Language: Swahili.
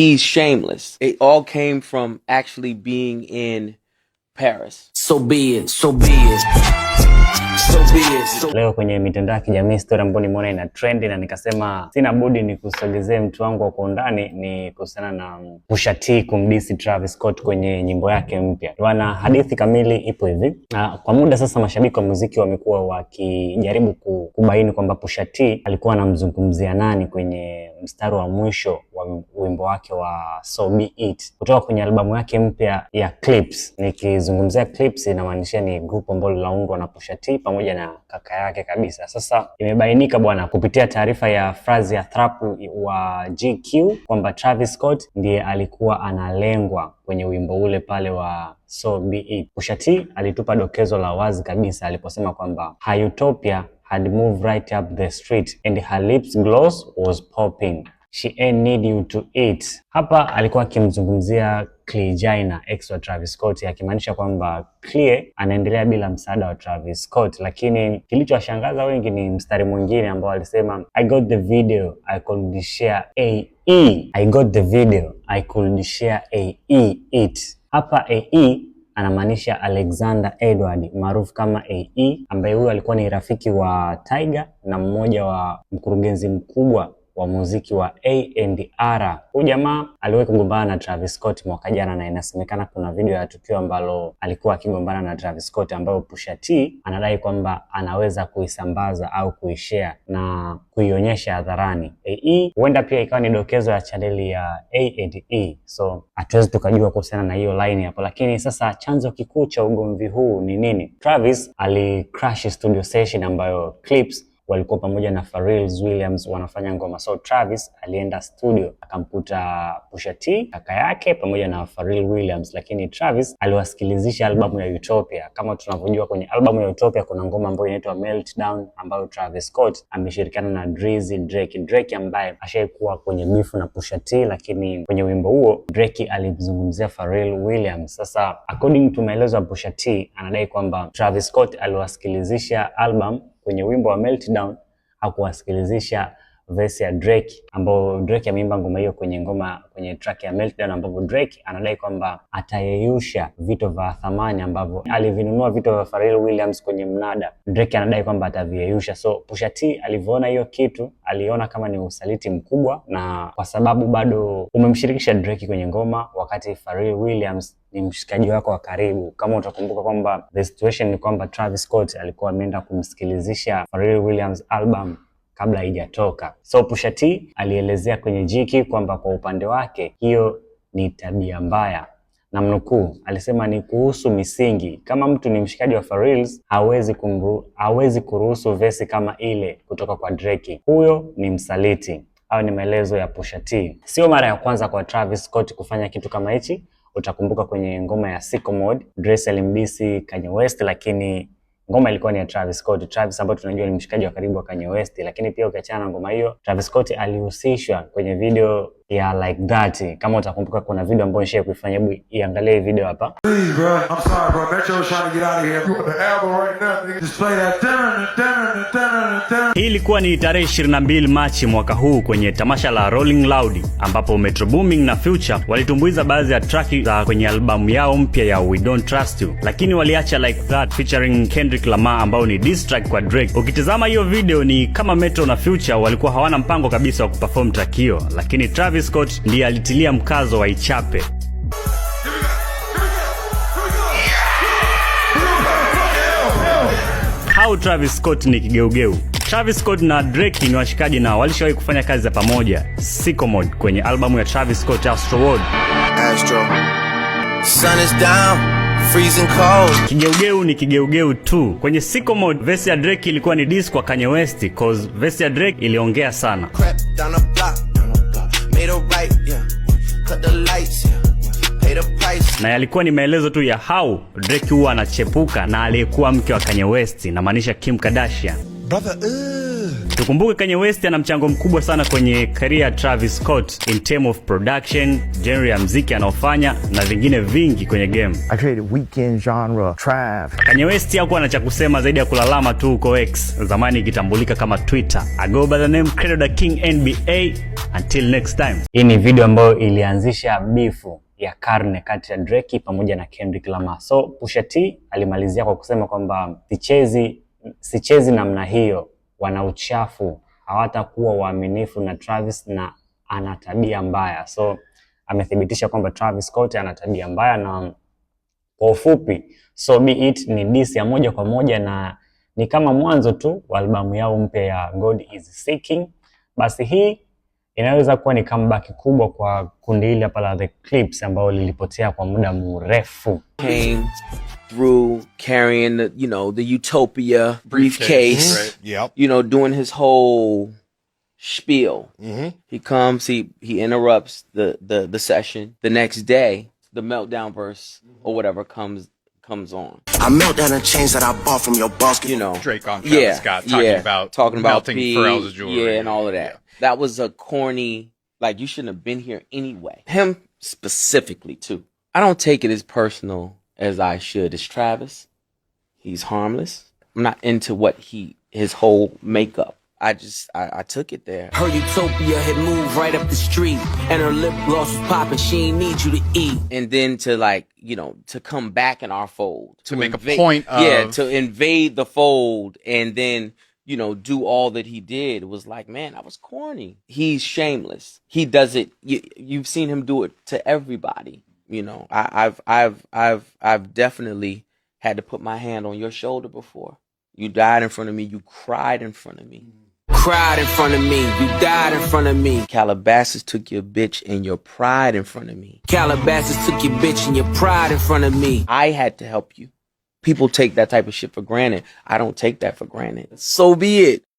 he's shameless. It all came from actually being in Paris. So be it. So be it. Leo kwenye mitandao ya kijamii story ambayo nimeona ina trend na nikasema sina budi nikusogezee mtu wangu wa kwa undani, ni kuhusiana na Pusha mm, T kumdisi Travis Scott kwenye nyimbo yake mpya bwana. Hadithi kamili ipo hivi. Na kwa muda sasa mashabiki wa muziki wamekuwa wakijaribu kubaini kwamba Pusha T alikuwa anamzungumzia nani kwenye mstari wa mwisho wa wimbo wake wa So Be It kutoka kwenye albamu yake mpya ya Clips. Nikizungumzia Clips inamaanisha ni grupu ambalo linaundwa na Pusha T pamoja pamoja na kaka yake kabisa. Sasa imebainika bwana, kupitia taarifa ya frazi ya Thrap wa GQ kwamba Travis Scott ndiye alikuwa analengwa kwenye wimbo ule pale wa So Be It. Pusha T alitupa dokezo la wazi kabisa aliposema kwamba Utopia had moved right up the street and her lips gloss was popping she need you to eat. Hapa alikuwa akimzungumzia Jaina, ex wa Travis Scott, akimaanisha kwamba Clear anaendelea bila msaada wa Travis Scott, lakini kilichowashangaza wengi ni mstari mwingine ambao alisema I got the video I could share AE. I got the video I could share AE it. Hapa AE anamaanisha Alexander Edward maarufu kama AE, ambaye huyo alikuwa ni rafiki wa Tiger na mmoja wa mkurugenzi mkubwa wa muziki wa A&R. Huyu jamaa aliwahi kugombana na Travis Scott mwaka jana, na inasemekana kuna video ya tukio ambalo alikuwa akigombana na Travis Scott, ambayo Pusha T anadai kwamba anaweza kuisambaza au kuishare na kuionyesha hadharani. AE huenda pia ikawa ni dokezo ya chaneli ya A&E, so hatuwezi tukajua kuhusiana na hiyo line hapo, lakini sasa chanzo kikuu cha ugomvi huu ni nini? Travis ali crash studio session ambayo clips walikuwa pamoja na Pharrell Williams wanafanya ngoma. So Travis alienda studio akamkuta Pusha T kaka yake pamoja na Pharrell Williams, lakini Travis aliwasikilizisha albamu ya Utopia. Kama tunavyojua kwenye albamu ya Utopia kuna ngoma ambayo inaitwa Meltdown ambayo Travis Scott ameshirikiana na Drizzy Drake, Drake ambaye ashaikuwa kwenye bifu na Pusha T, lakini kwenye wimbo huo Drake alimzungumzia Pharrell Williams. Sasa according to maelezo ya Pusha T anadai kwamba Travis Scott aliwasikilizisha album kwenye wimbo wa Meltdown hakuwasikilizisha verse ya Drake ambao Drake ameimba ngoma hiyo kwenye ngoma kwenye track ya Meltdown, ambapo Drake anadai kwamba atayeyusha vito vya thamani ambavyo alivinunua vito vya Pharrell Williams kwenye mnada. Drake anadai kwamba ataviyeyusha. So Pusha T alivyoona hiyo kitu, aliona kama ni usaliti mkubwa, na kwa sababu bado umemshirikisha Drake kwenye ngoma wakati Pharrell Williams ni mshikaji wako wa karibu. Kama utakumbuka kwamba the situation ni kwamba Travis Scott alikuwa ameenda kumsikilizisha Pharrell Williams album kabla haijatoka. So Pusha T alielezea kwenye Jiki kwamba kwa upande wake hiyo ni tabia mbaya na mnukuu, alisema ni kuhusu misingi. Kama mtu ni mshikaji wa Farils, hawezi kumru, hawezi kuruhusu vesi kama ile kutoka kwa Drake. Huyo ni msaliti. Hayo ni maelezo ya Pusha T. Sio mara ya kwanza kwa Travis Scott kufanya kitu kama hichi. Utakumbuka kwenye ngoma ya Sicko Mode, Drake Kanye West, lakini Ngoma ilikuwa ni ya Travis Scott. Travis ambaye tunajua ni mshikaji wa karibu wa Kanye West, lakini pia ukiachana na ngoma hiyo, Travis Scott alihusishwa kwenye video ya like that. Kama utakumbuka kuna video ambayo nishia kuifanya, hebu iangalie hii video hapa. Hii ilikuwa ni tarehe 22 Machi mwaka huu kwenye tamasha la Rolling Loud ambapo Metro Booming na Future walitumbuiza baadhi ya track za kwenye albamu yao mpya ya We Don't Trust You, lakini waliacha like that featuring Kendrick Lamar ambao ni diss track kwa Drake. Ukitazama hiyo video ni kama Metro na Future walikuwa hawana mpango kabisa wa kuperform track hiyo, lakini Travis Travis Scott ndiye alitilia mkazo wa ichape. Au Travis Scott ni kigeugeu. Travis Scott na Drake ni washikaji na walishawahi kufanya kazi za pamoja Sicko Mode kwenye albamu ya Travis Scott Astro World. Astro. Sun is down. Kigeugeu ni kigeugeu tu. Kwenye Sicko Mode, vesi ya Drake ilikuwa ni diss kwa Kanye West cause vesi ya Drake iliongea sana. Crap, na yalikuwa ni maelezo tu ya how Drake huwa anachepuka na aliyekuwa mke wa Kanye West, namaanisha Kim Kardashian. Brother, uh... Tukumbuke Kanye West ana mchango mkubwa sana kwenye karia ya Travis Scott in term of production, genre ya mziki anaofanya na vingine vingi kwenye game. I West akuwa na cha kusema zaidi ya kulalama tu huko X, zamani ikitambulika kama Twitter. ago by the name Credo King NBA until next time. Hii ni video ambayo ilianzisha bifu ya karne kati ya dreki pamoja na Kendrick lama So pushat alimalizia kwa kusema kwamba sichezi namna hiyo wana uchafu, hawatakuwa waaminifu na Travis na ana tabia mbaya. So amethibitisha kwamba Travis Scott ana tabia mbaya na kwa ufupi, so be it ni diss ya moja kwa moja na ni kama mwanzo tu wa albamu yao mpya ya God is Seeking. Basi hii inaweza kuwa ni comeback kubwa kwa kundi hili hapa la The Clips ambao lilipotea kwa muda mrefu. Came through carrying the, you know, the Utopia briefcase, right. yep. you know, doing his whole spiel. Mm-hmm. He comes, he he interrupts the the the session. The next day, the meltdown verse or whatever comes comes on. I melt down a chains that I bought from your boss. You know, Drake on Travis yeah, Scott talking yeah, about talking about melting P, Pharrell's jewelry, yeah, and all of that. Yeah. That was a corny. Like you shouldn't have been here anyway. Him specifically too. I don't take it as personal as I should. It's Travis. He's harmless. I'm not into what he his whole makeup. I just I, I, took it there. Her utopia had moved right up the street, and her lip gloss was popping. She ain't need you to eat. And then to like you know to come back in our fold to, to make invade, a point. Of... Yeah, to invade the fold, and then you know do all that he did was like man I was corny. He's shameless. He does it. You, you've seen him do it to everybody. You know I, I've I've I've I've definitely had to put my hand on your shoulder before. You died in front of me. You cried in front of me. Mm. Cried in front of me, you died in front of me. Calabasas took your bitch and your pride in front of me. Calabasas took your bitch and your pride in front of me. I had to help you. People take that type of shit for granted. I don't take that for granted. So be it.